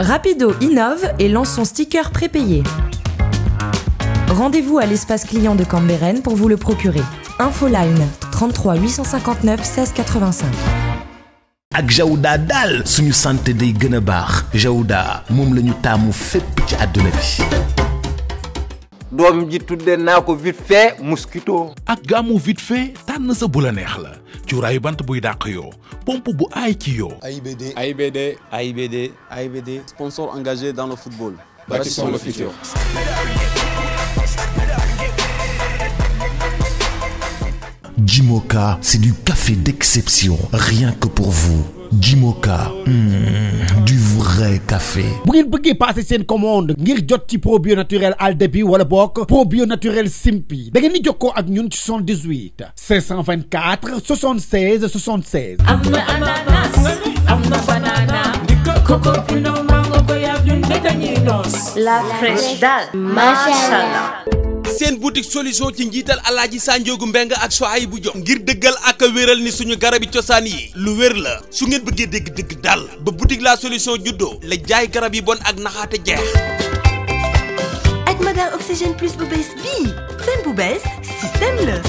Rapido innove et lance son sticker prépayé. Rendez-vous à l'espace client de Cambérène pour vous le procurer. Info Line 33 859 1685. 85. ak Jaouda Dal, suñu santé day gëna baax Jaouda mom la tamu fepp ci aduna bi. dom ji tudde na vite fait mosquito. ak gamu vite fait tan sa bu la neex la cuuraayu bant buy pompe bu AIBD AIBD AIBD AIBD sponsor engagé dans le football. Bâtissons le futur. Jimoka, c'est du café d'exception, rien que pour vous. Jimoka hmm. du vrai café bu ngeen passer passé une commande ngir pas ci probio naturel aldebi wala bokk probio naturel simpi da ngeen di jokkoo ak ñun 78 524 76 76 ananas banana mango de la fraîche dalle, mashallah seen boutique solution ci njiital alhaji sanjogu mbeng ak soay bu jox ngir deugal ak wéral ni suñu garabi ciosan yi lu wér la su ngeen bëggee dégg dëgg dal ba boutique la solution juddo la jaay garab yi bon ak naxaata jeex ak magal oxygène plus bu bees bi seen bu bees système la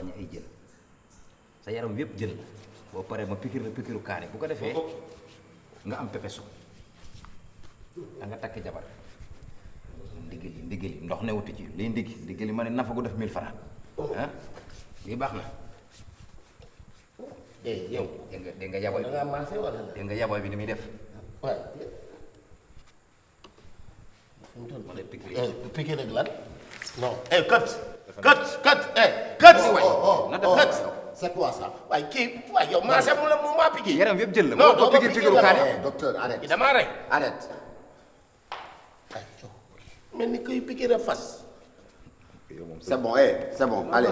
wañi ay jël sa yaram yépp jël boo paree ma pikir la pikiru kaane bu ko defee nga am pepesu da nga takk jabar ndigal yi ndigal yi ndox newuti ci lii ndig ndigal yi ma ne nafa gu def mille franc ah lii baax na Eh, yow, dengga dengga jaboy. Nga mansé wala? Dengga jaboy bi ni mi def. Ouais. Ndon pikir. Pikir eh, ak lan? Non. Eh, cut. Cut, cut, eh, cut. Oh, oh. c'est oh, quoi ça waaye kii waaye yow maase mu la mu maa piqué. yaram yëpp jël la non doo ma piqué docteur arrête a rey arrête. Eh, mais, ni kuy piqué rek face. c'est bon eh c'est bon allez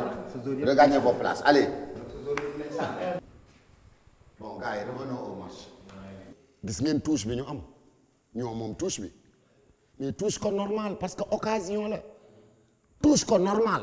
regagnez vos places allez. bon gars eh, revenons au match. gis ngeen touche bi ñu am ñoo moom touche bi mais touche ko normal parce que occasion la touche ko normal.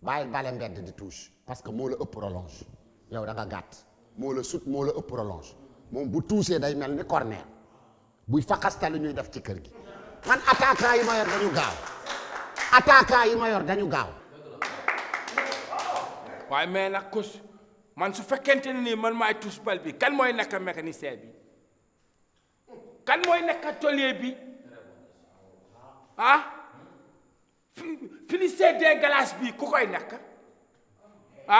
bàyyi di parce que moo la ëpp prolonge yow da nga gàtt moo la sut moo la ëpp prolonge moom bu c'est day mel ni corner buy le lu ñuy ci gi man attaquant yi ma yor dañu gaaw attaquant yi yor dañu gaaw mais nag kus man su fekkente ne man maay touche bal bi kan mooy mécanicien bi kan mooy nekk ah finisseur des glaces bi ku koy nekk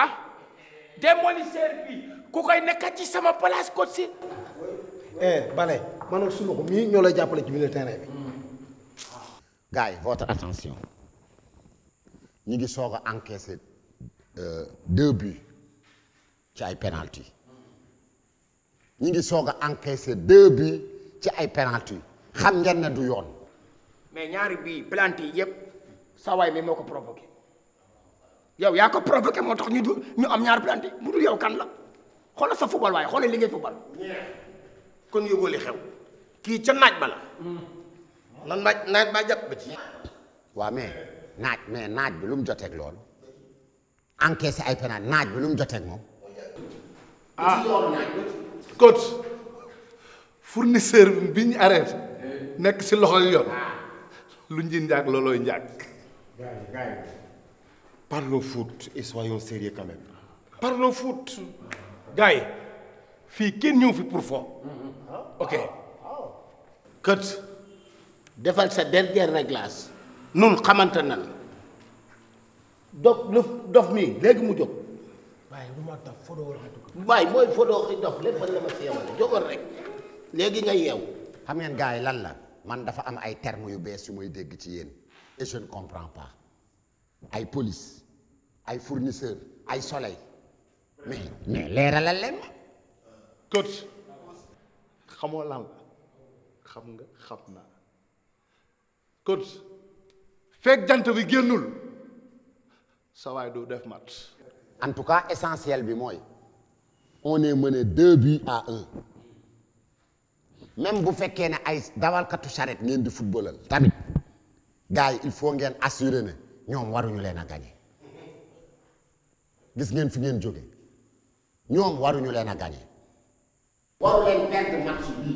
ah démolisseur bi ku koy nekk ci sama place côte si. eh Bale maanaam su loxo mii ñoo lay jàppale ci milieu terrain bi. gars yi votre attention ñi ngi soga encaisser euh deux buts ci ay penalty ñi ngi soga encaisser deux buts ci ay penalty xam ngeen ne du yoon. mais ñaari bi planté yépp sa waay mi moo ko provoqué yow yaa ko provoqué moo tax ñu du ñu am ñaar planté bu dul yow kan la sa football waaye xoolal li ngay football. kon yóbboo li xew. kii ca naaj ba la. nan naaj naaj baa jàpp ba ci. waaw mais naaj mais naaj bi lu mu joteeg loolu encaissé ay penal naaj bi lu mu joteeg moom. ah fournisseur bi ñu nekk si loxol yoon lu njin njaag loolooy njaag parlons foot et soyons sérieux quand foot gars fii kenn ñëw fi pour fo mm-hmm. ok ah, ah. kët defal sa dernier réglage nun xamante nan dof lu dof mi léegi mu jóg waaye bu ma dof fodoo waxatu waaye mooy fodoo xi dof lépp la ma si yemale jógal rek léegi nga yeew xam ngeen gars yi lan la man dafa am ay termes yu bees yu muy dégg ci yéen et je ne comprends pas ay police ay fournisseurs, ay soleil mais mais l'air à leen coach je lan la xam nga xam naa coach fekk jant bi génnul Ça va être def mat en tout cas essentiel bi moi. on est mené deux buts à un même si fekkee ne ay dawalkatu charrette ngeen di footballal tamit gars yi il faut ngeen assurer ne ñoom waruñu leen a gañe gis ngeen fi ngeen jóge ñoom waruñu leen a gañe waru leen perdre match bi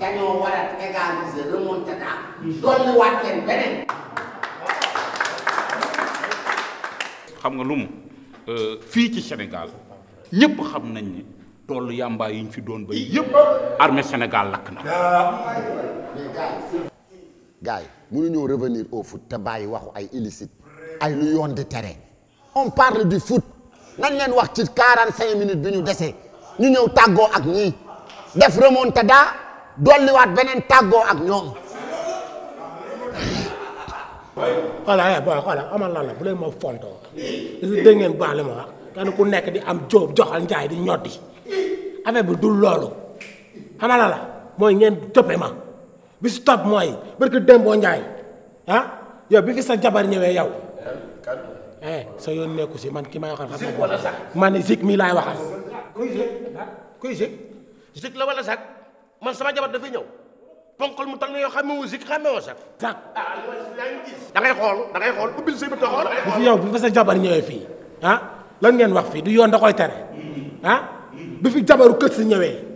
dañoo war a égaliser remontada dolli waat leen beneen xam nga lu mu euh, fii ci senegal ñëpp xam nañ ne toolu yàmbaay yi fi doon ba yépp armée senegal lakk na gars yi mënuñoo revenir o foot te bàyyi waxu ay illicite ay lu yoon di tere on parle du foot nañ leen wax ci 45 minutes bi ñu dese ñu ñëw tàggoo ak ñii def remontada dolliwaat beneen tàggoo ak ñoom. voilà bon eh, voilà amal na la bu leen ma fontoo dégg ngeen baax li ku nekk di am jóob joxal njaay di ñoddi affaire bi dul loolu xamal la mooy ngeen toppe bi si topp mooy barke Dembo Ndiaye ah yow bi fi sa jabar ñëwee yow. eh, eh sa yoon nekku si man ki may waxal xam man Zik mii laay waxal. kuy Zik kuy la wala sax man sama jabar dafay ñëw ponkal mu toll nga yoo xam ne wu Zik xamee woo sax. sax ah da ngay xool da ngay xool ubbil xool. bi fi yow bi fi sa jabar ñëwee fii ah lan ngeen wax fii du yoon da koy tere mm-hmm. ah, bi fi jabaru kër si ñëwee.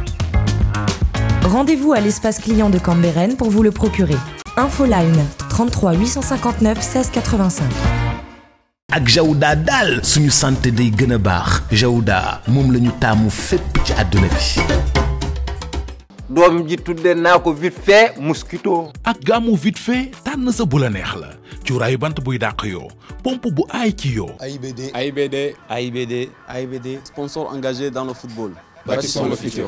Rendez-vous à l'espace client de Cambérène pour vous le procurer. Infoline 33 859 16 85. ak Jaouda suñu santé day gëna a baax Jaouda mom la tamu Je ci aduna bi. doom ji tudde naa ko vite fait mosquito. ak gaamu vite fait tan sa bu la neex la cuuraayu bant buy dàq yoo pompe bu ay ci yo AIBD AIBD AIBD AIBD sponsor engagé dans le football. bâtissons le futur.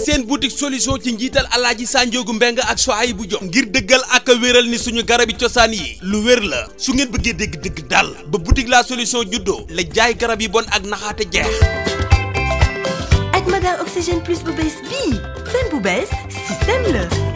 seen boutique solution ci njiital alhaji sanjogu mbeng ak sohay bu jom ngir deugal ak wéral ni suñu garabi ciosan yi lu wér la su ngeen bëggee dégg dëgg dal ba boutique la solution juddo la jaay garab yi bon ak naxaate jeex ak magan oxygène plus bu bees bi seen bu bees système la